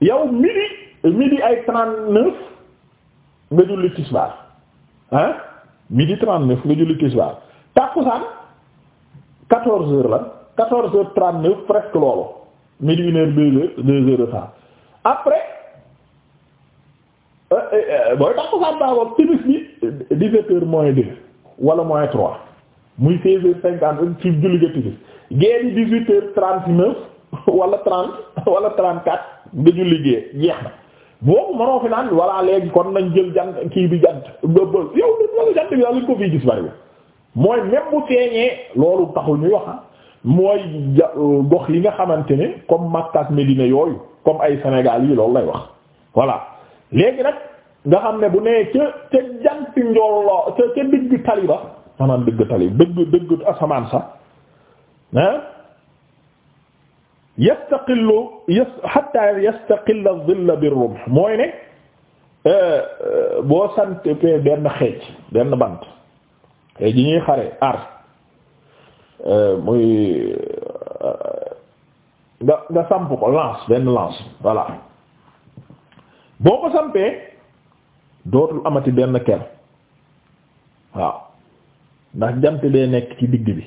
yow midi midi ay trente neuf nga julli tisbaar ah midi trente neuf nga julli tisbaar tàkkusaan quatorze heures la quatorze heures trente neuf presque loolu midi une heure deux heures deux heures de après euh, euh, euh, booy tàkkusaan baa boobu bi dix heures moins deux wala moins trois muy seize heures cinquante ci julli ga timis gée dix-huit heures trente-neuf wala trente wala trente-quatre nga julli gee jeex na boobu mënoo fi naan voilà léegi kon nañ jël jant kii bi jant yow li loolu jant bi daal li ko fii gis bariwul mooy même bu feeñee loolu taxul ñuy wax ah. mooy ja euh, gox yi nga xamante ne comme Makka ak Medina yooyu comme ay Sénégal yi loolu lay wax voilà léegi nag nga xam ne bu nee ca ca janti njolloo ca ca digg tali ba maanaam dëgg tali dëgg dëgg sax yastaqillu yas hatta yastaqilla az-zill bir-rumh mooy ne euh, euh, boo sant benn xeej benn bant xeej yi ñuy xare ar euh, muy nga nga samp ko lance benn lance voilà boo ko sampee dootul amati benn ker waaw ndax jant bee nekk ci digg bi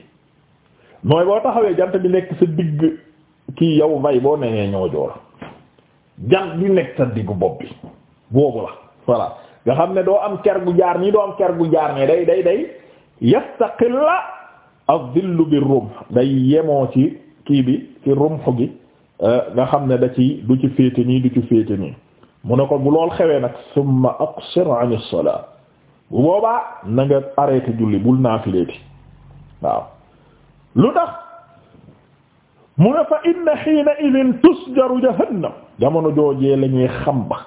mooy boo taxawee jant bi nekk sa digg kii yow mbay boo nee ñoo joor jant bi nekk sa diggu bopp bi boobu la voilà nga xam ne doo am ker gu jaar nii doo am ker gu jaar nii day day day yastaqilla ad-dillu bi rumh day yemoo ci kii bi ci rumh gi euh, nga xam ne da ci du ci féete nii du ci féete nii mu ne ko bu lool xewee nag summa aqsir an as-salat bu boobaa na nga arrêté julli bul naafileeti waaw lu tax mu ne fa inna xiina idin tusjaru jahannam jamono joojee la ñuy xam ba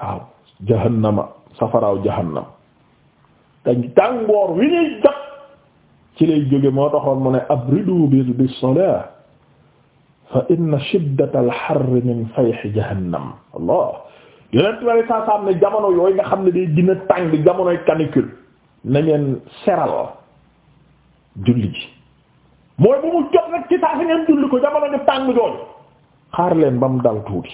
waaw jahannama safaraaw jahannam te tàngoor wi ñuy jot ci lay jóge moo taxoon mu ne abridu bi bi salah fa inna shiddata al harr min fayhi jahannam allah yeneen tubaab yi saa saa am ne jamono yooyu nga xam ne day gën a tàng jamonoy canicule na ngeen seral julli ji mooy bu mu jot rek ci saa si ngeen julli ko jamono di tàng jooju xaar leen ba mu dal tuuti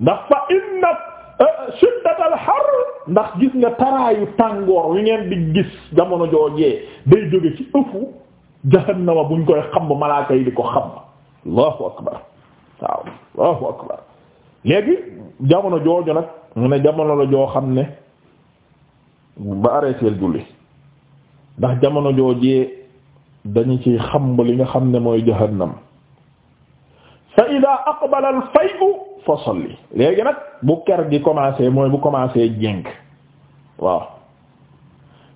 ndax fa inna eh, shiddatal har ndax gis nga taraayu tàngoor yu ngeen di gis jamono joojee day jóge ci ëfu jahannama buñ koy xamb malaaka yi di ko xamb allahu akbar waaw allahu akbar léegi jamono jooju nag mu ne jamono la joo xam ne ba arrêté julli ndax jamono joojee dañu ciy xamb li nga xam ne mooy jahannam fa ida aqbala al fayu fa salli léegi nag bu ker gi commencé mooy bu commencé jénk waaw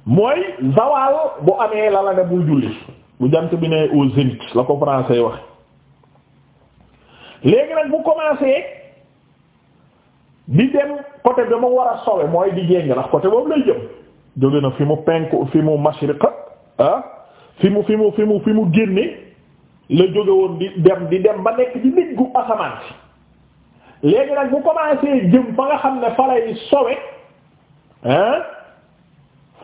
mooy zawal bu amee la la ne bul julli bu jant bi ne au zénith la ko français wax léegi nag bu commencé di dem côté bi mu war a sowe mooy di jéng ndax côté boobu lay jëm jóge na fi mu penku fi mu mashriqa ah fi mu fi mu fi mu fi mu génne la jóge woon di dem di dem ba nekk ci diggu asamaan si léegi nag bu commencé jëm ba nga xam ne fa lay sowe hein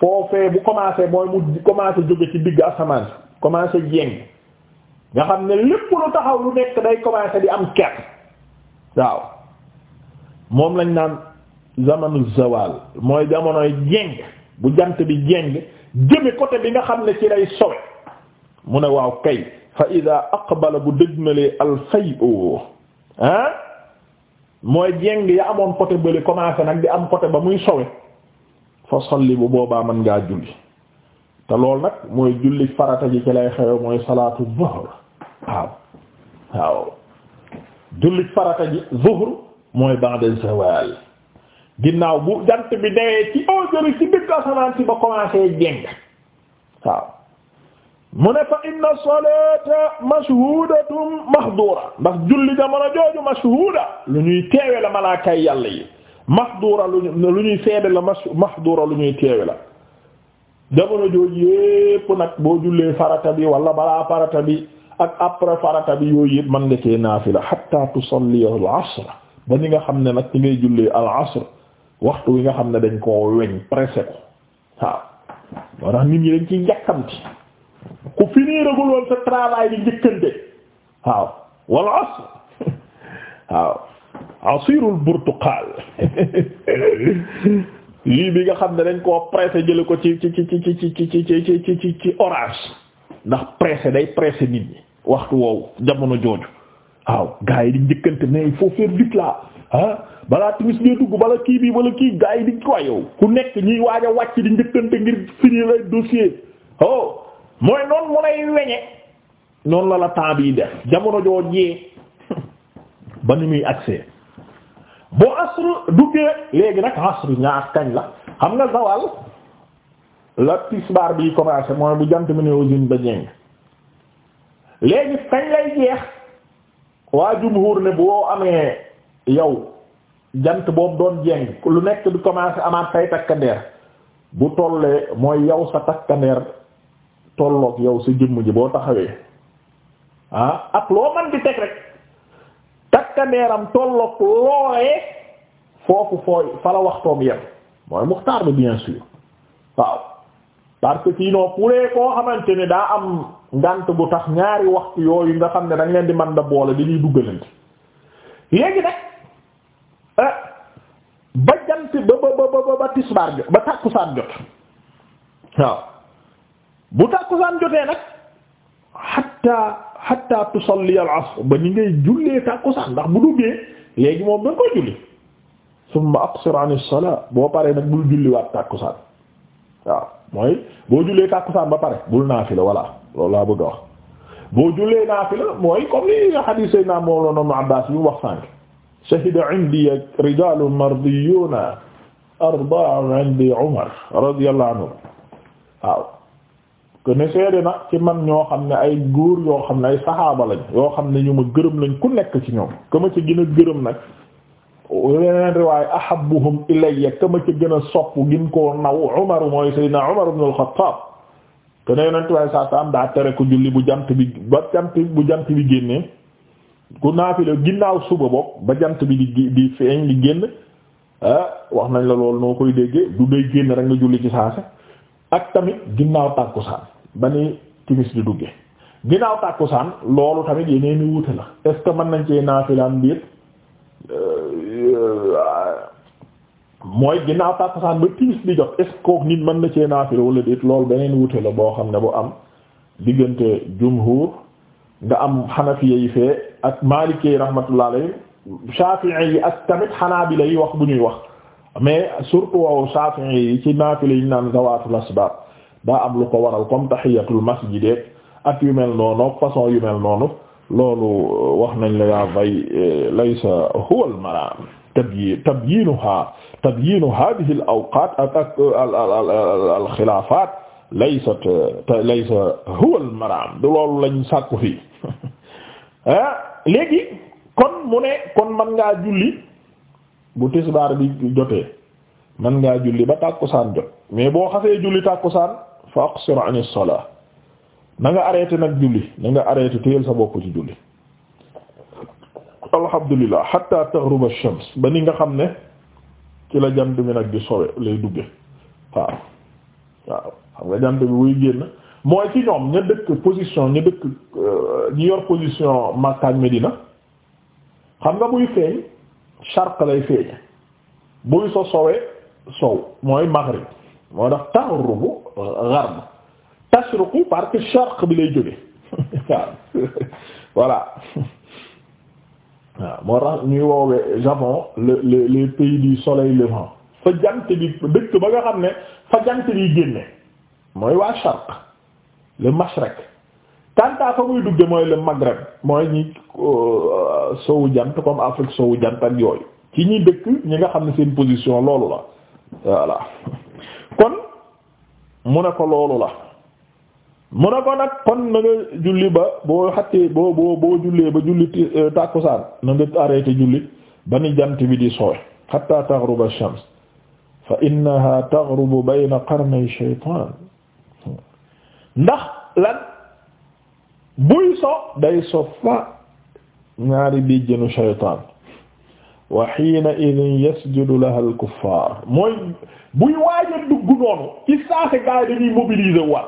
foofee bu commencé mooy mu commencé jóge ci diggu asamaan si commencé jéng nga xam ne lépp lu taxaw lu nekk day commencé di am ker waaw moom lañ naan zamanu zawal mooy jamonoy jéng bu jant bi jéng jëme côté bi nga xam ne ci lay sowe mu ne waaw kay fa ida aqbala bu dëgmalee al fayu ah mooy jeng ya amoon côté bële commencé nag bi am côté ba muy sowe fa salli bu boobaa mën ngaa julli te loolu nag mooy julli farata ji ci lay xewe mooy salaatu zuhr waaw waaw julli farata ji zuhr mooy ba'da zawal ginnaaw bu jant bi newee ci oo jëri ci digg asamaan si ba commencé jéng waaw mu ne fa inna salata mashhudatun mahdura ndax julli jamono jooju mashhuda lu ñuy teewe la malaakay yàlla yi mahdura lu ñuy seede la mahdura lu ñuy teewe la jamono jooju yépp nag boo jullee farata bi wala balaa farata bi ak après farata bi yooyu yépp mën nga cee naafila hatta tusalli al asr ba ni nga xam ne nag ci ngay jullee al asr waxtu wi nga xam ne dañ koo weñ pressé ko waaw moo tax nit ñi dañ ci njàkkamti ku finiiragul sa travail di njëkkante waaw wal waaw asirul burtuqal lii bi nga xam ne dañ koo pressé jële ko ci ci ci ci ci ci ci ci ci ci orange ndax pressé day pressé nit ñi waxtu woowu jamono jooju waaw gars di njëkkante mais il faut faire vite là balaa timis ngay dugg bala kii bi bala kii gaa yi di ko yow ku nekk ñiy waaj a wàcc di njëkkante ngir finir lay dossier oh mooy noonu mu lay weñe noonu la la temps bi def jamono joo jee ba ni muy accès boo asr duggee léegi nag asr ñaar kañ la xam nga zawal la tisbaar bi commencé mooy bu jant bi ne ausine ba jeng léegi kañ lay jeex waa jumhur ne boo amee yow jant boobu doon jeng lu nekk di commencer amaat tay takkandeer bu tollee mooy yow sa takkandeer tolloog yow sa jëmm ji boo taxawee ah ak loo man di teg rek takkandeeram tolloog loolee foofu fooy fala waxtoom yem mooy muxtaar bi bien sûr waaw parce que sinon pouree koo xamante ni daa am ngant bu tax ñaari waxtu yooyu nga xam ne dañ leen di man da boole dañuy duggalante léegi nag ba jant ba ba ba ba tisbaar ba tàkkusaan jot waaw bu tàkkusaan jotee nag hatta hatta tusalli al ba ni ngay jullee tàkkusaan ndax bu duggee léegi moom da nga koy julli summa aqsir an as-salat boo paree nag bul julliwaat tàkkusaan waaw mooy boo jullee tàkkusaan ba pare bul naafila voilà loolu laa bëgg a wax boo jullee naafila mooy comme li hadith Seydina Mawlana Abbas bi mu wax sànk shahida indi rijaalu mardiyuuna arbaa'u indi Umar radiyallahu anhu waaw que ne seede na ci man ñoo xam ne ay góor yoo xam ne ay saxaaba lañ yoo xam ne ñu ma gërëm lañ ku nekk ci ñoom ka ci gën a gërëm nag yeneen riwaay ahabbuhum ilayya ka ma ci gën a sopp gin koo naw Umar mooy Seydina Umar ibn al-Khattab te ne yonent waaye saa saa daa tere ko julli bu jant bi ba bu jant bi génnee ku naafila ginnaaw suba bopp ba jant bi di di feeñ di génn ah, wax nañ la loolu noo koy déggee du day génn rek nga julli ci saase ak tamit ginnaaw tàkkusaan ba ni timis di duggee ginnaaw tàkkusaan loolu tamit yeneen i wuute la est ce que mën nañ cee naafilaan biir euh, mooy ginnaaw tàkkusaan ba timis di jot est nit mën na cee naafila wala déet loolu beneen wuute la boo xam ne bu am diggante jumhur nga am xanafiya yi fee ak maliki yi rahmatullah alayhi shafi'i yi ak tamit xanaabila yi wax bu ñuy wax mais surtout wow shafi'i yi ci naafila yi naan zawaatul asbaab daa am lu ko waral comme tahiyatul masjid ak yu mel noonu façon yu mel noonu loolu euh, wax nañ la yaa bay euh, laysa huwa al maraam tabyi tabyinuha tabyinu hadhihi al awqat ak ak euh, al xilaafaat laysat laysa huwa al maraam du loolu lañ sàkku fii ah léegi kon mu ne kon man ngaa julli bu tisbaar bi jotee man ngaa julli ba tàkkusaan jot mais boo xasee julli tàkkusaan fa aqsir an as-salah na nga arrêté nag julli na nga arrêté téyel sa bopp ci julli alhamdulillah hatta taghruba shams ba ni nga xam ne ci la jant bi nag di sowe lay dugge waaw waaw xam nga jant bi buy génn mooy ci ñoom ña dëkk position ña dëkk euh, ñi yor position Makka ak Medina xam nga buy feeñ sharq lay feeñe buy so sowee sow mooy maghrib moo tax taxrubu gharb tashruqu parce que sharq bi lay jóge waaw waaw moo tax ñuy woowee Japon le le les pays du soleil levant fa jant bi dëkk ba nga xam ne fa jant bi génne mooy waa sharq le mashrak kanta fa muy dugge mooy le maghreb mooy ñi euh, sowu jant comme Afrique sowu jant ak yooyu ci ñi dëkk ñi nga xam ne seen position loolu la voilà kon mu ne ko loolu la mu ne ko nag kon na julli ba boo xattee boo boo boo jullee ba julli euh, tàkkusaan na nga arrêté julli ba ni jant bi di soowe hatta taghruba ash-shams fa innaha taghrubu bayna qarnay shaytan ndax lan buy so day so ñaari bi shaytaan wa xiina idin yasjudu laha al kuffar mooy buy waaja dugg noonu ci saase gaay dañuy war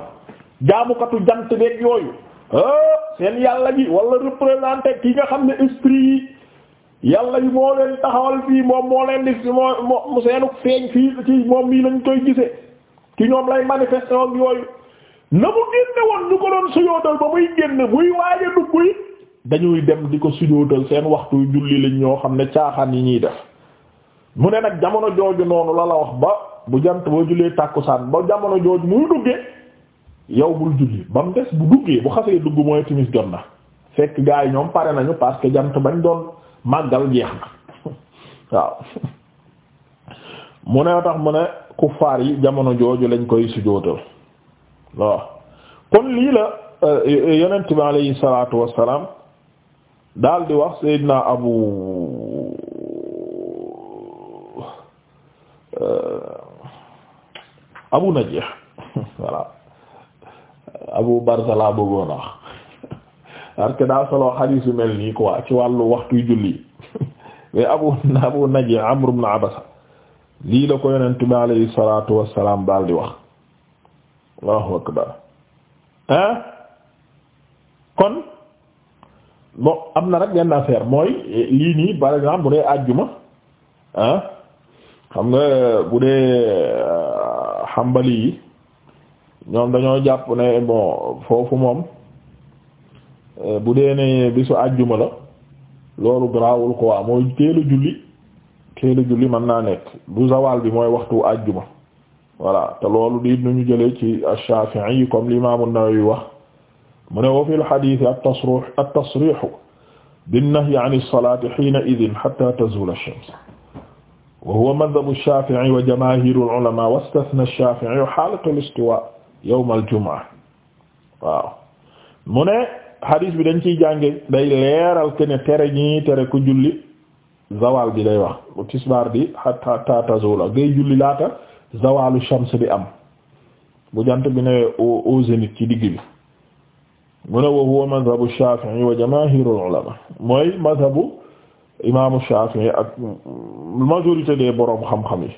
jaamukatu jant beeg yooyu seen yàlla bi wala représenté ki nga xam ne esprit yi yàlla bi moo leen taxawal fii moom moo leen di moo moo seenu feeñ fii ci moom mii lañ koy gisee ci ñoom lay manifesté ak yooyu na mu génne woon ñu ko doon sujjóotal ba muy génn muy waaja dugg yi dañuy dem di ko sujjóotal seen waxtu julli lañ ñoo xam ne caaxaan yi ñuy def mu ne nag jamono jooju noonu la la wax ba bu jant boo jullee tàkkusaan ba jamono jooju muy yow bul julli ba mu des bu duggee dugg mooy timis jot na fekk yi ñoom pare nañu parce que jant bañ doon màggal jeex ne tax mu ne kuffaar yi jamono jooju lañ koy sujjóotal waaw kon lii la euh, yonent bi alayhi salaatu wassalaam daal di wax Seydina Abu euh, Abu Najih voilà Abu Barzala bëggoon a wax parce daa solo xadiis yu mel nii quoi ci wàllu waxtu julli mais Abu Abu Najih Amr Abasa lii la ko yonent bi alayhi salaatu wassalaam daal di wax. allahu akbar ah kon bon am na nag benn affaire mooy lii nii par bu dee àjjuma ah xam nga bu dee xambali euh, yi ñoom dañoo jàpp ne bon foofu moom euh, bu dee ne bisu àjjuma la loolu garaawul quoi mooy teel julli teel julli mën naa nekk du zawal bi mooy waxtu àjjuma voilà te loolu diit nañu jëlee ci ash-Shafi'i comme l'imam an-Nawawi wax wa fi al-hadith at-tasrih at-tasrih bin-nahy 'an as-salati hina idhin hatta tazul ash wa huwa madhhab jamaahir al-'ulama wa istathna ash-Shafi'i halat al bi dañ ciy jànge day leeral ke ne tere ñi tere ku julli zawal bi day wax bu tisbaar bi hatta tazula ngay julli laata zawalu shams bi am bu jant bi ne au zénith ci digg bi mu ne wa huwa madhabu Shafi'i wa jamaahirul ulama mooy madhabu imaamu Shafi'i ak majorité des borom xam-xam yi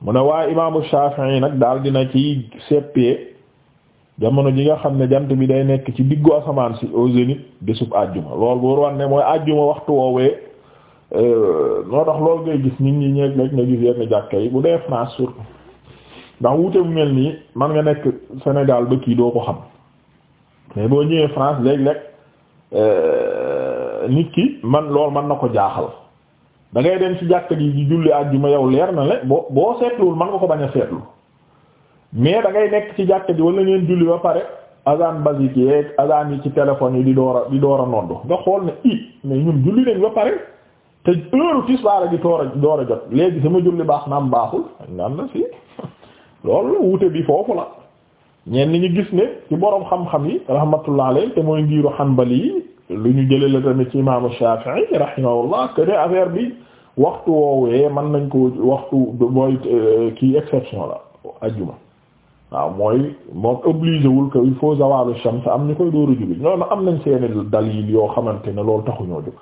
mu ne waaye imaamu Shafi'i nag daal dina ci seppee jamono ji nga xam ne jant bi day nekk ci diggu asamaan si au zénith bésub àjjuma loolu bu war ne mooy àjjuma waxtu woowee Euh, moo tax loolu ngay gis nit ñi ñeeg nag nga gis yenn jàkka yi bu dee France surtout ndax wuute bu mel nii man nga nekk Sénégal ba kii doo ko xam mais boo ñëwee France léeg-léeg euh, nit ki man loolu mën na ko jaaxal da ngay dem ci jàkka ji di julli àjjuma yow leer na le boo boo seetluwul mën nga ko bañ a seetlu mais da ngay nekk ci jàkka ji walla ngeen julli ba pare agan basique yeeg azan yi ci téléphone yi di door a di door a nodd nga xool ne i mais ñun te heure tisbaar gi toor a jot léegi sama julli baax na mu baaxul naan la si loolu wute bi foofu la ñeen ñi gis ne ci boroom xam-xam yi rahmatullah alayhi te mooy ngiiru xanbali yi lu ñu jële la tamit ci imaamu Shaafi'i rahimahullah que ne affaire bi waxtu woowee mën nañ ko waxtu mooy euh, kii exception la ajjuma waaw mooy moom obligé wul que il faut zawalu shams am ñu koy dóoru jubi ñoonu am nañ seeni dalil yoo xamante ne loolu taxuñoo jóg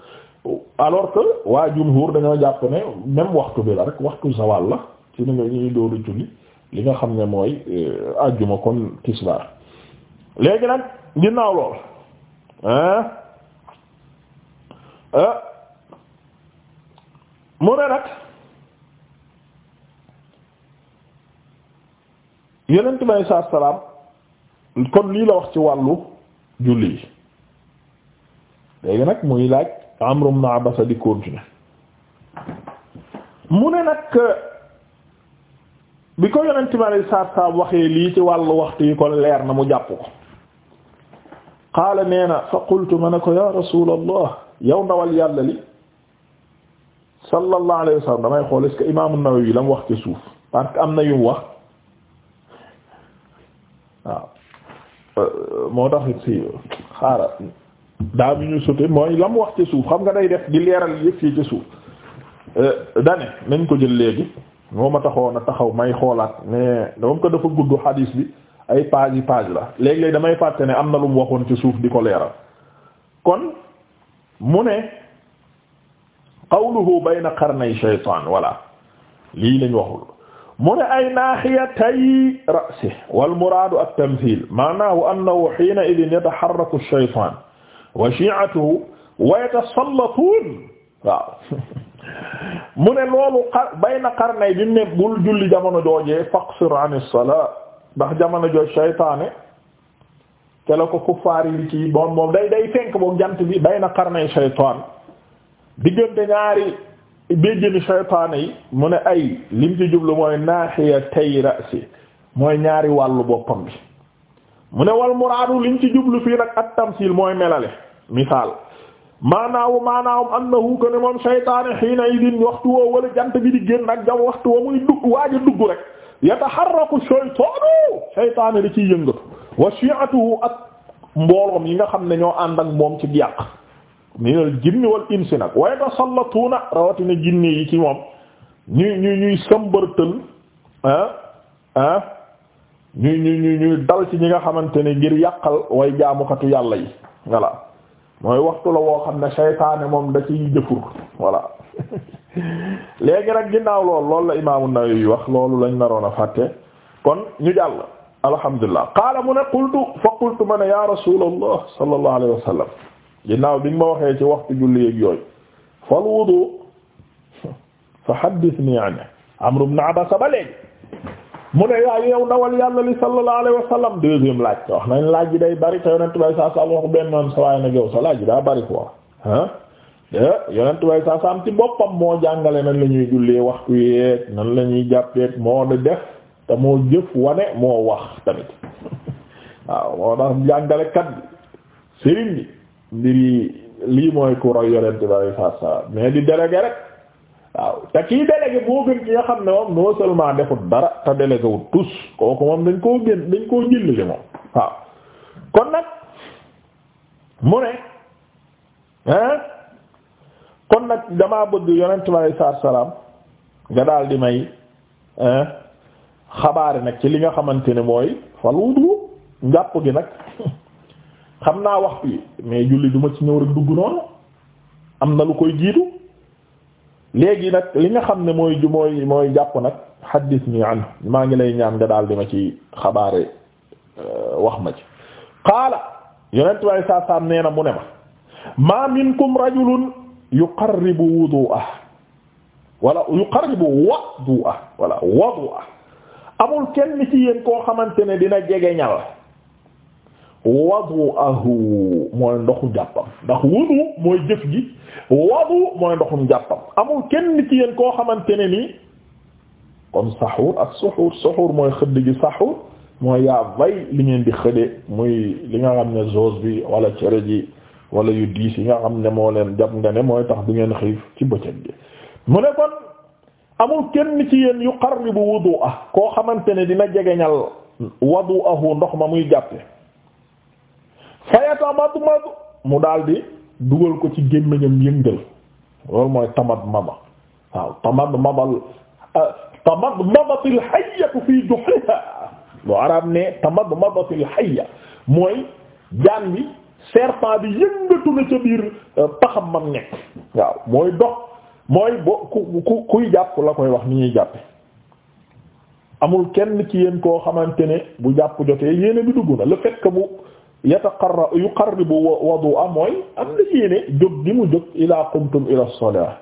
alors que waa jumhur dañoo jàpp ne même waxtu bi la rek waxtu zawal la ci ni nga ñuy dóoru julli li nga xam ne mooy euh, àjjuma kon tisbaar léegi nag ginaaw lool euh, mu ne nag yenent bi alei salaatu kon lii la wax ci wàllu julli yi léegi nag muy laaj Amru ibn Abasa di continuer mu ne nag bi ko yonent bi alayhi salaatu salaam yi kon leer na mu jàpp ko qaala nee na fa qultu ma ne ko ya rasuulallah yow ndawal yàlla li sallallahu alayhi wa sallam damay wax am na yu mu wax waaw euh, moo tax si xaaral daa mi ñu sute mooy lam wax ca suuf xam nga day def di leeral yëpp fii ci suuf euh, dane nañ ko jël léegi moo ma taxoon a taxaw may xoolaat mais moom ko dafa gudd xadiis bi ay page yi page la léegi damay fàtte ne am na lu mu waxoon ci suuf di ko leeral kon mu ne qawluhu bayna qarnay shaytaan voilà lii lañ waxul mu ne ay naaxiyatay ra'si wal muraadu at-tamthil maanaahu annahu hiina idin yataharraku ash-shaytaan wa shi'atuhu wa yatasallatuun waaw mu ne loolu xar bayna qarnay bi bul julli jamono joojee faqsir an salaa ndax jamono jooj shaytaane te ko kuffaar yi ci moom moom day day fenk moom jant bi bayna qarnay shaytaan diggante ñaari béjjëni shaytaane yi mu ne ay lim ci mooy naaxiya tay rasi mooy ñaari wàllu boppam bi mu ne wal muraadu liñ ci jublu fii nag at tamsiil mooy melale misaal maanaawu maanaawum annahu ko ne moom seytaane xiina idin waxtu woo wala jant bi di génn ak jam waxtu wa muy dugg waaja dugg rek yataxarraku seytaanu seytaane li ciy yëngatu wa shi'atuhu ak mbooloom yi nga xam ne ñoo ànd ak moom ci yàq minal jinni wal insi nag wa yatasallatuuna rawatina jinni yi ci moom ñuy ñuy ñuy sëmbërtël ah ah ñuy ñuy ñuy dal ci ñi nga xamante ne ngir yàqal way jaamukatu yàlla yi voilà mooy waxtu la woo xam ne saytaane moom da ciy jëfur voilà léegi nag ginnaaw lool loolu la imaamu Nawawi wax loolu lañ naroon a fàtte kon ñu jàll alhamdulilah qaala mu ne qultu fa qultu ma ne ya rasulallah sallallahu alayhi wa ginnaaw bi nga ma waxee ci waxtu julli yeeg yooyu fal wudu fa haddithni anhu amru ibn abasa ba léegi mu ne yaa yow ndawal yàlla li sallallahu alayhi wa sallam deuxième laaj wax nañ laaj ji day bari te yonent bay saa saam wax benn noonu sa waaye nag yow sa laaj ji daa bari quoi ah yonent bay saa saam ci boppam moo jàngale nan la ñuy jullee waxtu yeeg nan la ñuy jàppeeg moo def te moo jëf wane moo wax tamit waaw moo tax jàngalekat bi sëriñ bi mbir lii mooy ku roy yonent bay saa saam mais di délégué rek. waaw te kii délégué moo gën ki nga xam ne moom non seulement defut dara te délégué wut tous kooku moom dañ koo gën dañ koo jëllale moom waaw kon nag mu ne hein kon nag damaa bëgg yonent bi alei salaatu salaam nga daal di may hein xabaare nag ci li nga xamante ne mooy fal njàpp gi nag xam naa waxtu yi mais julli du ma ci ñëw rek dugg noonu am na lu koy jiitu léegi nag li nga xam ne mooy ju mooy mooy jàpp nag xaddis nii maa ngi lay ñaan nga daal di ma ci xabaare euh, wax ma ci qaala yonent way saa saam nee na mu ne ma ma minkum rajulun yuqarribu wudu'ah wala yuqarribu wadu'ah wala amul kenn ci yéen koo xamante ne dina jege ñal wadu'ahu mooy ndoxu jàppam ndax wudu mooy jëf ji wadu mooy ndoxum jàppam amul kenn ci yéen koo xamante ne nii comme saxuur ak suxuur suxuur mooy xëdd gi saxuur mooy yaa vay li ngeen di xëdde muy li nga xam ne zose bi wala cere ji wala yu diis yi nga xam ne moo leen jàpp nga ne mooy tax du ngeen xiif ci bëccëg gi mu ne kon amul kenn ci yéen yu qarribu wudu ah koo xamante ne dina jegeñal wadu ahu ndox ma muy jàppe fayatamadu madu mu daldi dugal ko ci gémmiñam yëngal loolu mooy tamat maba waaw tamad mabal euh, tamad mabatil hayyatu fii duhriha lu arab ne tamad mabatil hayya mooy jaan bi serpent bi yëngatu na ca biir euh, paxam mam nekk waaw mooy dox mooy bo ku ku kuy jàpp la koy wax ni ñuy jàppe amul kenn ci yéen koo xamante ne bu jàpp jotee yéene bi dugg na le fait bu yataqarra yuqarribu wudu'a mooy am na yéene jóg gi mu jóg ila qumtum ila as-salah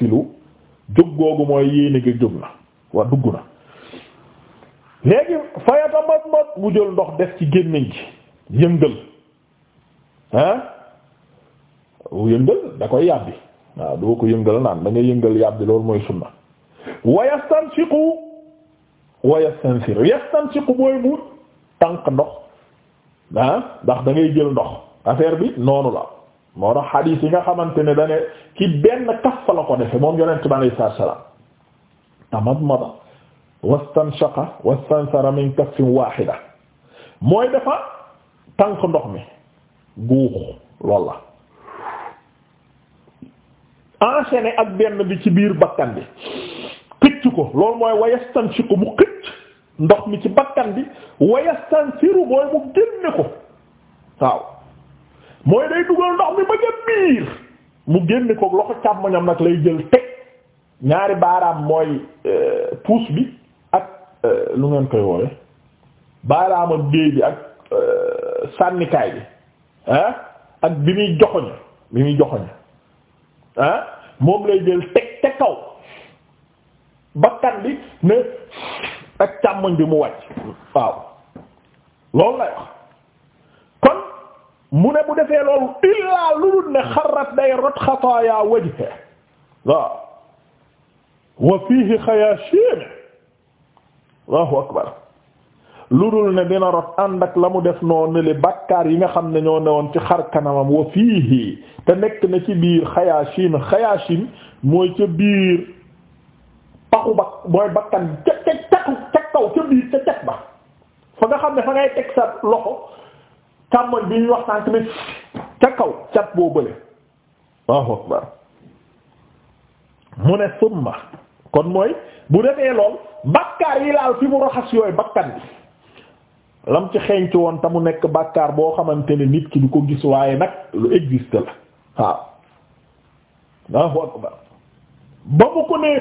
jóg googu mooy yéene gi jóg na waa dugg na léegi fa yatamadmad mu jël ndox def ci gémmiñ gi yëngal ah yëngal da koy yàbbi waaw doo ko yëngal naan da nga yëngal yàbbi loolu mooy sunna wa yastanshiqu wa yastansir yastanshiqu mooy mu tànk ndox ah ndax da ngay jël ndox affaire bi noonu la moo tax xadiis yi nga xamante ne da ne ci benn kaffa la ko defe moom yonent bi alayhi salaam tamadmada wastanshaqa wastansara min kaffin waahida mooy dafa tànk ndox mi guux lool la enchaîné ak benn bi ci biir bakkan bi xëcc ko loolu mooy wayastanshiqu mu xëcc ndox mi ci bakkan bi wa yastansiru mooy mu génne ko waaw mooy day dugal ndox mi ba ca biir mu génne ko loxo càmmoñam nag lay jël teg ñaari baaraam mooy euh, pouce bi ak euh, lu ngeen koy woowe baaraam ak géej bi ak euh, sànnikaay bi ak bi muy joxoñe bi muy joxoñe ah moom lay jël teg te kaw bakkan bi ne ak càmmoñ bi mu wàcc waaw loolu lay wax kon mu ne bu defee loolu illaa lulul ne xarrat day rot xataaya wajhe waaw wa fiihi xayaashiim allahu akbar lulul ne dina rot ànd ak la mu def noonu li bàkkaar yi nga xam ne ñoo newoon ci xar kanamam wa te nekk na ci biir xayaashiim xayaashiim mooy ca biir paxu bak mooy bakkan ca ca kaw ca biir ca teg ba fa nga xam ne fa ngay teg sa loxo càmmoñ bi wax sànq ca kaw cat boo bële waaw mu ne summa kon mooy bu defee lool bakkaar yi laal fi mu raxas yooyu bakkan bi lam ci xeeñ ci woon te mu nekk bàkkaar boo xamante ne nit ki bu ko gis waaye nag lu existe la waaw ba mu ko ne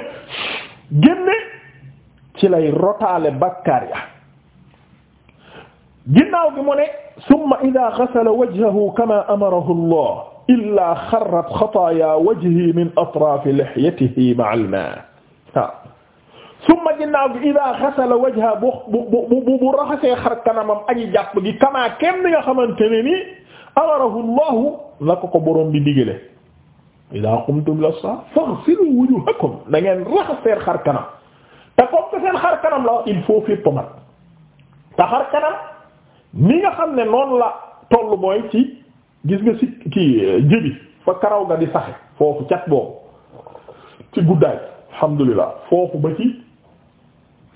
génne ci lay rotaale bakkaar ya ginnaaw gi mu ne summa ida xasala wajhahu kama amarahu allah illa xarrat xataaya wajhi min atrafi lihyatihi ma'a al-maa waaw summa ginnaaw gi ida xasala wajha bu bu bu raxasee xar kanamam aji jàpp gi kama kenn nga xamante ne ni amarahu llahu la ko ko boroom bi digale ida qumtum ila salaat faghsilu wujuhakum da ngeen raxas seen xar kanam te comme que seen xar la il faut fépp mat te xar ni nga xam ne noonu la toll mooy ci gis nga si ci euh, jëbi fa karaw nga di saxe foofu cat boobu ci guddaay alhamdulilah foofu ba ci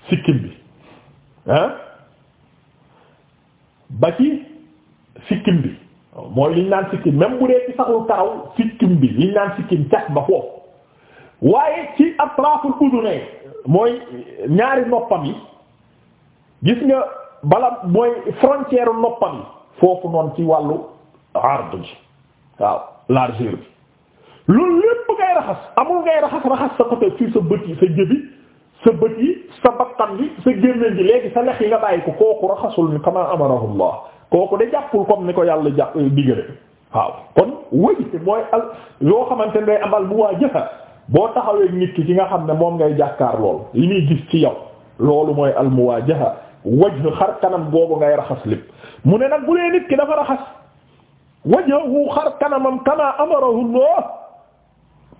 sikkim bi ba ci sikkim bi mooy liñ naan sikkim même bu dee ci saxul karaw sikkim bi liñ naan sikkim cat ba foofu waaye ci atraful udunay mooy ñaari noppam yi gis nga bala mooy frontière noppam yi foofu noonu ci wàllu ardu ji waaw largeur bi loolu lépp ngay raxas amul ngay raxas raxas sa côté ci sa bët yi sa jëbi sa bët yi sa bakkan bi sa gémmiñ bi léegi sa lex yi nga bàyyi ko kooku raxasul ni kama amarahullah kooku de jàppul comme ni ko yàlla jàpp digale waaw kon wëy mooy al yoo xamante ne day amal bu waa boo taxawee nit ki ci nga xam ne moom ngay jàkkaar lool li muy gis ci yow loolu mooy almuwaajaha wajh xar kanam boobu ngay raxas lépp mu ne nag bu dee nit ki dafa raxas wajhahu xar kanamam kama amarahu Allah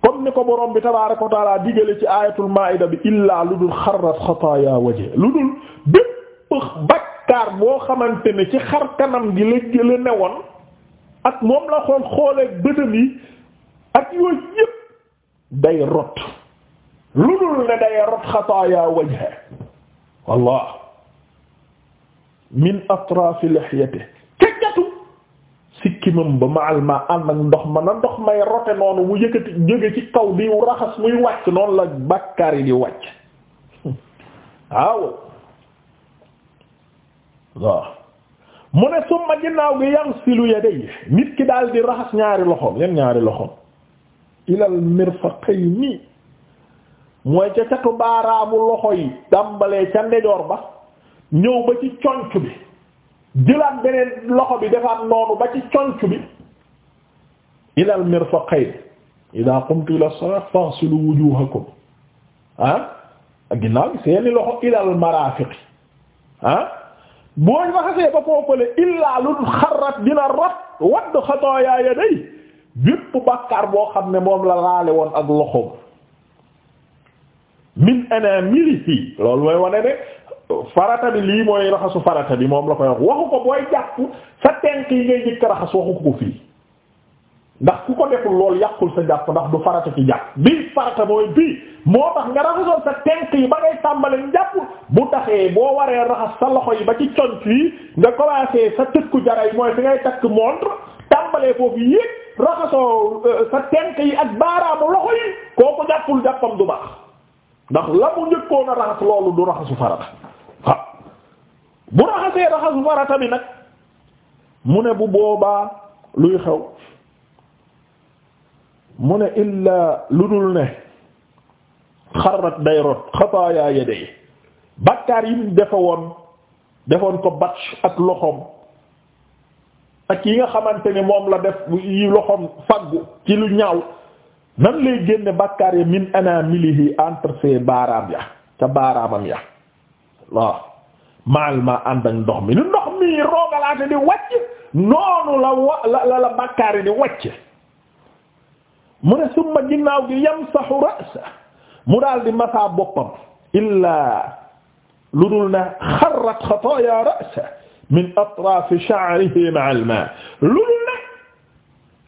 comme ni ko borom bi tabaaraka wa taala digale ci ayatul maida bi illaa lu dul xarrat xataaya wajh lu dul bépp bakkaar boo xamante ni ci xar kanam gi la la newoon ak moom la xool xoolee bëtam yi ak yooyu yépp day rot lu dul ne day rot xataaya wajha wallah min atrafi lixyate keggatu sikkimam ba ma al ma ànd ndox ma na ndox may rote noonu mu yëkkati jóge ci kaw di raxas muy wàcc noonu la bàkkaar yi di wàcc waaw waaw mu ne summa ginnaaw gi yaxsilu yadayhi nit ki daal di raxas ñaari loxoom leen ñaari loxoom ilal mirfaqayni mooy ca catu baaraamu loxo yi tàmbalee ca ndejoor ba ñëw ba ci conc bi jëlaat beneen loxo bi defaat noonu ba ci conc bi ilal mirfaqayn idaa qumtu ila salaat fasilu wujuhakum ah ginnaaw gi seeni loxo ilal marafiqi ah boo lu rat wadd xataaya yaday bépp bàkkaar boo xam ne moom la laale woon ak loxoom min anamilihi loolu mooy wane ne farata bi lii mooy raxasu farata bi moom la koy wax waxu ko booy jàpp sa tenk yi ngay jëkk raxas waxu ko ko fii ndax ku ko deful lool yàqul sa jàpp ndax du farata ci jàpp bii farata mooy bii moo tax nga raxasoon sa tenk yi ba ngay tàmbale jàpp bu taxee boo waree raxas sa loxo yi ba ci conc fii nga commencé sa tëkku jara yi mooy fi ngay takk montre tàmbalee raxasoo euh, sa tenk yi ak baaraamu loxo yi kooku jàppul jàppam du baax ndax la mu njëkkoon a raxas loolu du raxasu farata waaw ah. bu raxasee raxasu farata bi nag mu ne bu boobaa luy xew mu ne illaa lu dul ne xarrat day rot xataaya yede yi bakkaar yi mu defe woon ko batch ak loxoom ak yi nga xamante ni moom la def yi loxoom faggu ci lu ñaaw nan lay génne bàkkaar ya min anamilihi entre ses baaraam ya ca baaraamam ya waaw maal ma ànd ak ndox mi ni ndox mi roogalaate di wàcc noonu la la la bàkkaar yi di wàcc mu ne summa ginnaaw gi yamsahu ra'sa mu daal di masaa boppam illaa lu dul na xarrat xataaya ra'sa min atrafi sha'rihi ma'a al-ma' loolu nag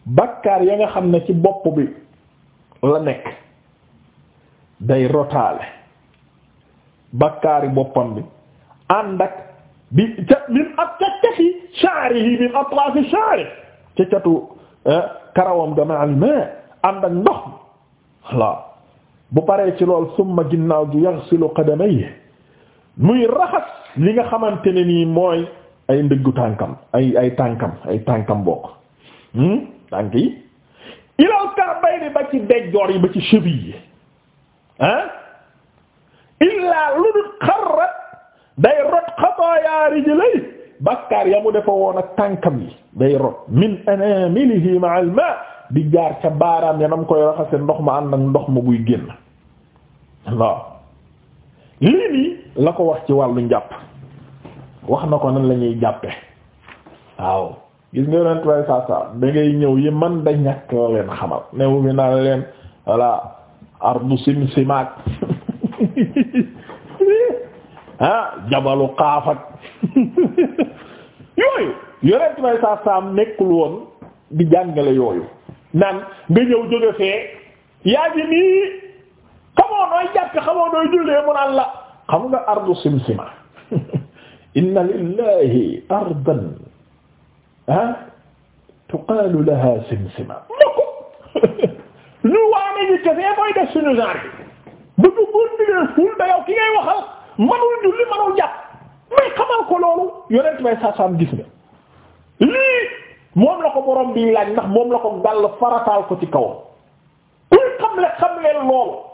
bakkaar ya nga xam ne ci bopp bi la nekk day rotaale bakkaari boppam bi ànd ak bi ca min ak ca cati min atrafi sha'rihi ca eh, karawam ga ma ànd ak ndox voilà bu paree ci lool summa ginnaaw gi yaghsilu qadamayhi muy raxas li nga xamante ne nii mooy ay ndëggu tànkam ay ay tànkam ay tànkam bokk hmm? tànk yi ilal lu dul xarrat day rot xataaya rijlay bakkaar ya mu defa woon ak tànkam yi day rot min anamilihi ma'a al di jaar ca baaraam yanam koy raxase ndox ma ànd ak ndox ma buy génn lii nii la ko wax ci wàllu njàpp wax na ko nan la ñuy jàppe waaw gis nga yonent way saa saa ñëw yi man da ñàkk la leen xamal new bi naa leen voilà ardu sim simaak ah jabalu xaafak yooyu yonent way saa nekkul woon di jàngale yooyu naan nga ñëw jóge fee yaa ngi nii xamoo nooy jàpp xamoo nooy jullee mu naan xam nga ardu sim inna lillahi ardan ah tuqaalu laha simsima mokk ñu waane ñi kesee mooy def suñu genre bi bu duggoon bi dee fuul dayow ki ngay waxal manul julli manul jàpp may xamal ko loolu yonent may saasaam gis nga lii moom la ko borom bi laaj ndax moom la ko gàll farataal ko ci kawam kuy xamle xamle loolu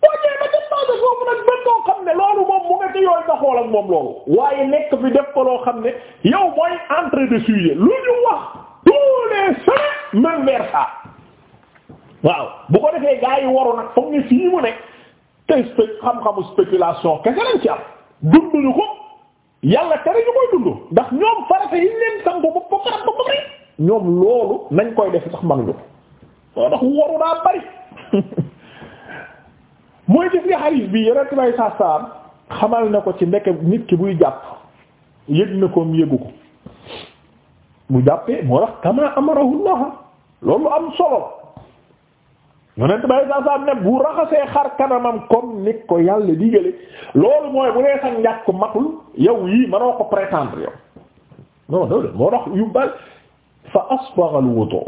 boo ñëwee ba ca passé foofu nag bët koo xam ne loolu moom mu nga ci yooyu nga xool ak moom loolu waaye nekk bi def ko loo xam ne yow mooy entrée de sujet lu ñu wax tous les semaines waaw bu ko defee gaa yi waru nag foog ni fii mu nekk te xam-xamu spéculation kese lañ ci am dunduñu ko yàlla tere ñu koy dund ndax ñoom farata yi leen sangu ba ba ba ba ñoom loolu nañ koy def sax mënuñu ko soo tax waru daa bari mooy gis nga xaris bi yonent bay saasaam xamal na ko ci ndeke nit ki buy jàpp yëg na koom yëgu ko bu jàppee moo tax solo yonent bay saasaam ne bu raxasee xar kanamam comme ni ko yàlla digale loolu mooy bu nee sax njàpp matul yow yii manoo ko prétendre yow non non moo tax yu bal fa asbagha al wudu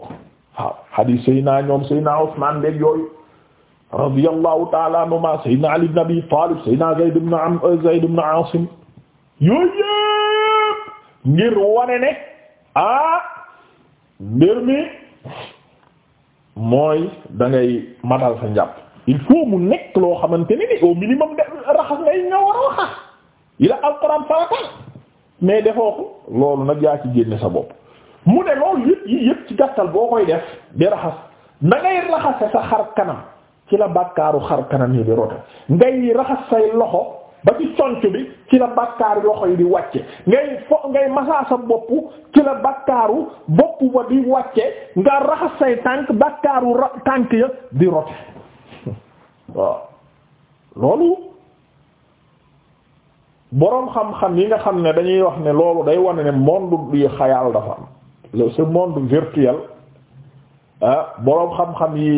waaw xadiis Seydina ñoom Seydina Usmaan beeg yooyu radiyallahu ta'ala anhuma sayyidina Ali ibn Abi Talib sayyidina Zayd ibn am euh, Zayd ibn Asim yooyu yëpp ngir wane ne ah mbir mi mooy da ngay matal sa njàpp il faut mu nekk loo xamante ne ni au minimum de raxas ngay nga war a raxas ila alquran farata mais defoo ko loolu nag yaa ci génne sa bopp mu ne loolu yëpp yi yëpp ci gàttal boo koy def di raxas na ngay raxase sa xar kanam ci la bàkkaaru xar kanam yi di rote ngay raxas say loxo ba ci conc bi ci la bàkkaaru loxo yi di wàcce ngay fo ngay masaa sa bopp ci la bàkkaaru bopp ba di wàcce nga raxas say tànk bàkkaaru ra tànk ya di rote loolu boroom xam-xam yi nga xam ne dañuy wax ne loolu day wane ne monde bi xayaal dafa am le monde virtuel Ah, boroom xam-xam yi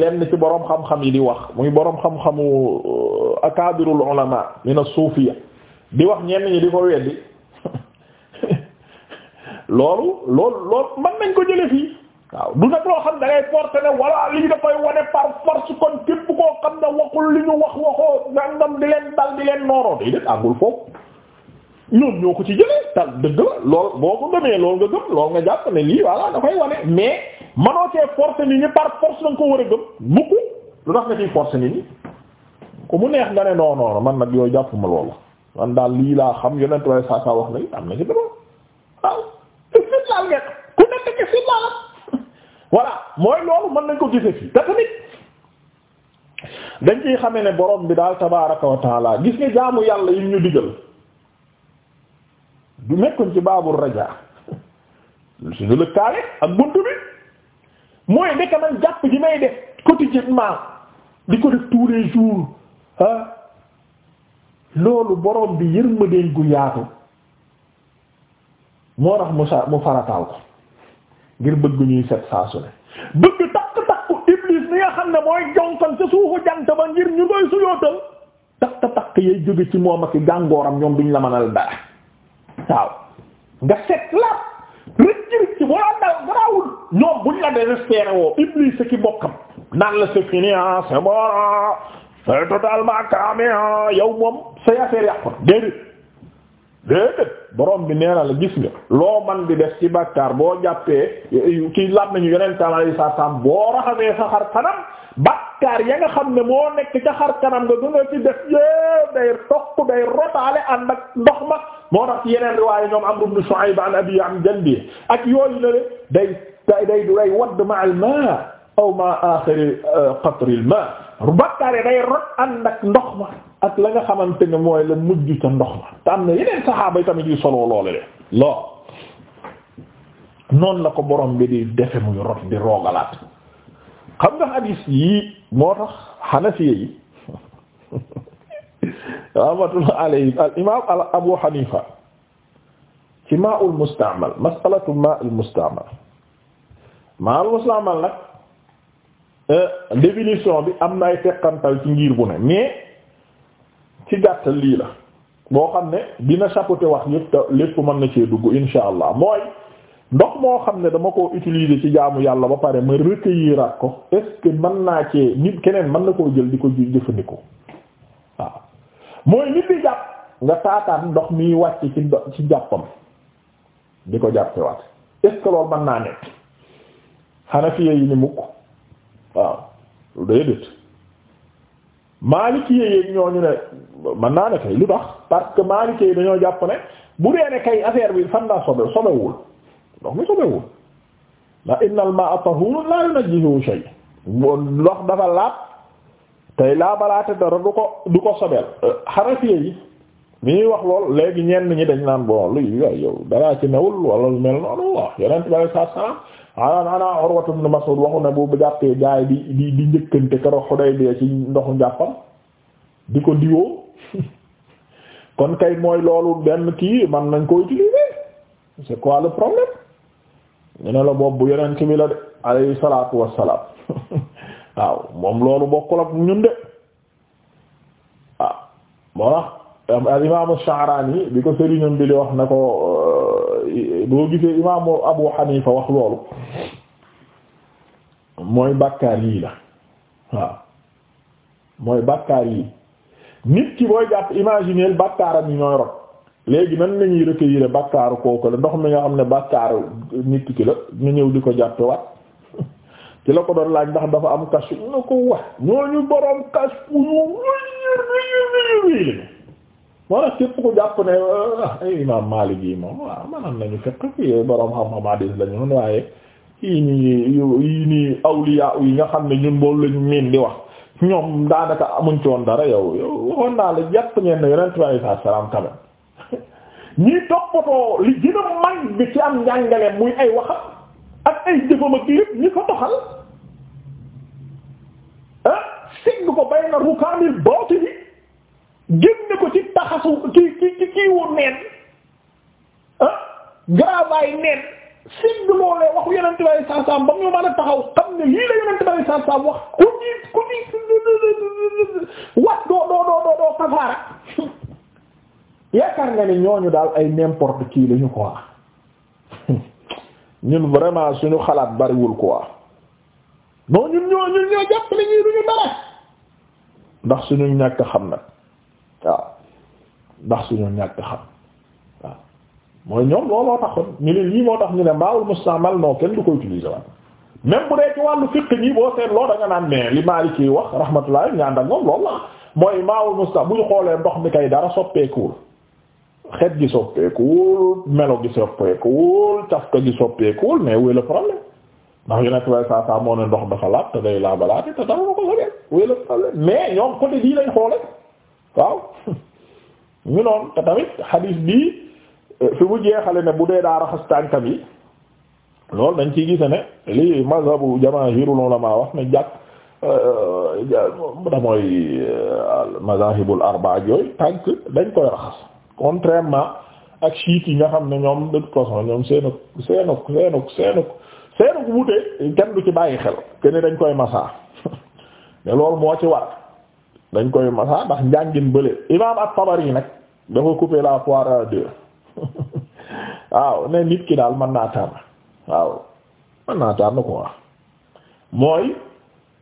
lenn ci boroom xam-xam yi di wax muy boroom xam-xamu uh, akabirul ulama min as wax ñenn ñi di ko weddi loolu nañ ko jële fii waaw du nag loo xam da ngay ne walla lii dafay wane par force kon képp koo xam ne waxul li ñu wax waxoo ngangam di leen dal di leen nooroo day dét àggul foofu ñoom ñoo ko ci jëlee tal dëgg la lool boo ko gëmee lool nga gëm lool nga jàpp ne lii voilà dafay wane mais manoo cee force nit ñi par force da nga ko war a gëm mukk lu tax nga ciy force nit ñi ku mu neex nga ne non non man nag yooyu jàpp ma loolu man daal lii laa xam yonent waaye saa saa wax na it am na ci dara waaw mooy loolu mën nañ ko gisee fii te tamit dañ ciy xamee ne borom bi daal tabaaraka wa taala gis nga jaamu yàlla yi ñu digal du nekkoon ci baabul rajaa su ñu lëkkaale ak buntu bi mooy ndeke man jàpp ji may de quotidiennement di ko def tous les jours loolu boroom bi yërmande gu yaatu moo tax mu sa mu farataal ko ngir bëgg ñuy set saa su bëgg takk takku iblis ni nga xam ne mooy jonkan sa suufu jant ba ngir ñu koy suyootal takk takk yay jóge ci moom ak gàngooram ñoom duñ la mënal dara waaw nga set la biir ci boo am daal ñoom buñ la désespéré woo Iblis ki bokkam naan la c'est fini ah c'est bon ah c'est totalement cramé ah, yow moom say affaire yàqu na déedéet déedéet borom bi nee na gis nga loo man di def ci bàkkaar boo jàppee kii laaj nañu yeneen temps yi sax sàmm boo raxasee sa xar kanam bakkaar ya nga xam ne moo nekk ca xar kanam nga gën a ci def day toq day rotaale ànd ak ndox ma moo tax yeneen riwaaye ñoom Amr ibn Shu'ayb an abi am jandi ak yooyu la day day day day ma al maa aw ma aaxiri euh, qatri al maa bakkaar ya day rot ànd ak ndox ma ak la nga xamante ne mooy la mujj ca ndox ma te yeneen saxaaba yi tamit yu solo loole de loo noonu la ko borom bi di defe muy rot di roogalaat xam nga hadis yii moo tax xanafiya yi rahmatullah alayhi al imam abu hanifa ci ma'ul musta'mal mas'alatu ma'ul musta'mal ma'ul musta'mal nag euh, définition bi am na ay teqantal ci ngir bu ne mais ci gàttal lii boo xam ne dina chapeauter wax yépp te lépp mën na cee dugg insha allah mooy ndox moo xam ne dama ko utiliser ci jaamu yàlla ba pare ma recueillir ak ko est-ce naa cee nit keneen man na koo jël di ko jëfandikoo waaw mooy nit di jàpp nga taataan ndox mi wàcc ci do ci jàppam di ko jàppewaat est-ce que loolu mën naa nekk xanafiye yi ni mukk waaw lu déedéet maalikiyé yéeg ñooñu ne mën naa ne kay lu tax parce que maalikiyé yi dañoo jàpp ne bu dee ne kay affaire bi fan naa sobe sobewul ndox mi sobewul ndax innal ma'a tahurun la yunajjihu shay ndox dafa laab tey laabalaate dara du ko du ko sobeel euh, xarafiye yi mi ñuy wax lool léegi ñenn ñi dañ naan bon luy waay yow daraa ci newul wala lu mel noonu waaw yonent bi alei saatu salam ana ana Urwa ibn Mas'ud waxu ne bu jàppee gaay di di di njëkkante keroog Hudaybiya ci ndoxu njàppam di ko diwoo kon kay mooy loolu benn kii man nañ ko utiliser c'est quoi le problème ñu ne la boobu bu yonent bi la de alayhi salaatu wassalaam waaw moom loolu bokkul ak ñun de waaw moo al imaamu Sha'rani bi ko sëriñam bi li wax na ko euh, boo gisee imaamu Abu Hanifa wax loolu mooy bàkkaar yii la waaw mooy bàkkaar yii nit ki booy jàpp imaginer bàkkaaram yi ñooy rot léegi nan la ñuy recueillir bàkkaaru kooku la ndox mi nga xam ne bàkkaaru nit ki la ñu ñëw di ko jàppe waat ci la ko doon laaj ndax dafa am kash ñu ko wax ñooñu borom kash fu ñu ah, yi moom waaw nañu fekk fii borom xam-xam nii yii nii yi nga xam ne ñun moom lañu miin di wax ñoom daanaka amuñ ci woon dara yow yow waxoon naa la jàpp ngeen ne Yonent bi sallallahu alayhi wasallam ñii toppatoo li gën a bi ci am njàngale muy ay waxam ak ay jëfam ak lépp ñi ko doxal ah ko bay na rukaamil bawti bi génne ko ci taxasu ki ki ki kiiwu neen ah neen segg loolee waxu yonent bi sallallahu alayhi ba ñu mën a taxaw xam ne lii la yonent bi sallallahu alayhi wax ku ñi ku ñi wax doo doo doo doo kafaara yaakaar nga ni ñoo ñu daal ay n'importe qui lañu quoi ñun vraiment suñu xalaat bariwul quoi non ñun ñoo ñun ñoo jàpp ne ñii duñu dara ndax suñu ñàkk xam nag waaw ndax suñu ñàkk xam waaw mooy ñoom looloo taxoon ñu ne lii moo tax ñu ne maawul mustamal non kenn du ko utiliser waat même bu dee ci wàllu fiqh ñi boo seet loo da nga naan mais li Maliki wax rahmatullah ñaan ak moom loolu la mooy maawul mustamal bu ñu xoolee ndox mi kay dara soppeekuwul. xet gi soppeekuwul melo gi soppeekuwul cafka gi soppeekuwul mais où est le problème ndax yonent way saa saa moo ne ndox dafa laat te day laabalaate te dara te tamit xadiis bii euh, fi mu jeexale ne bu dee daa raxas tànkam yi loolu dañ ci gise ne li mazhabu jamaahirul ulama wax ne jàkk da euh, mooy euh, mazahibul yooyu tànk dañ koy raxas contrairement ak chiites yi nga xam ne ñoom de toute façon ñoom seenuk seenuk seenuk seenuk wute kenn du ci bàyyi xel kenn dañ koy masaa ne loolu moo ci war dañ koy masaa ndax njàngin bële imam at-Tabari nag dafa couper la poire a deux waaw ne nit ki daal man naa tànn waaw mën naa tànn ko wax mooy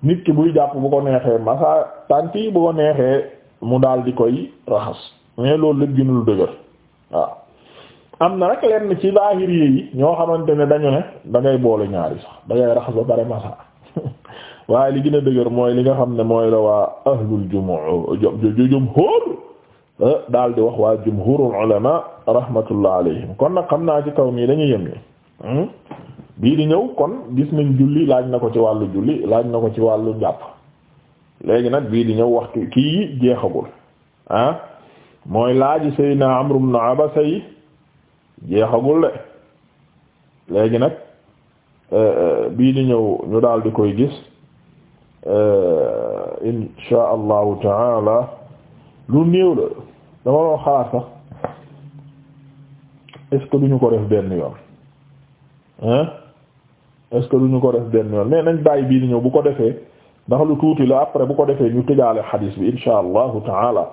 nit ki buy jàpp bu ko neexee masaa tànk yi bu ko neexee mu daal di koy raxas mais loolu lépp gënul dëgër waaw am na rek lenn ci zaahir yi ñoo xamante ne dañu ne da ngay boole ñaari sax da ngay raxas ba pare masa waaye li gën a dëgër mooy li nga xam ne mooy la waa ahlul jumhur jumhur eh, daal di wax waa jumhurul ulama rahmatullah alayhim kon nag xam naa ci kaw nii dañuy yem ni hmm? bii di ñëw kon gis nañ julli laaj na ko ci wàllu julli laaj na ko ci wàllu njàpp léegi nag bii di ñëw waxtu kii jeexagul ah mooy laaji Seydina Amr ibn Abasa yi jeexagul le léegi nag euh, euh, bii di ñëw ñu daal di koy gis euh, insha allahu taala lu néew la dama doon xalaat sax est-ce que ko def benn yoon hein est-ce que ko def benn yoon mais nañ bàyyi bii di ñëw bu ko defee ndax lu tuuti la après bu ko defee ñu tëjaale xadiis bi insha allahu taala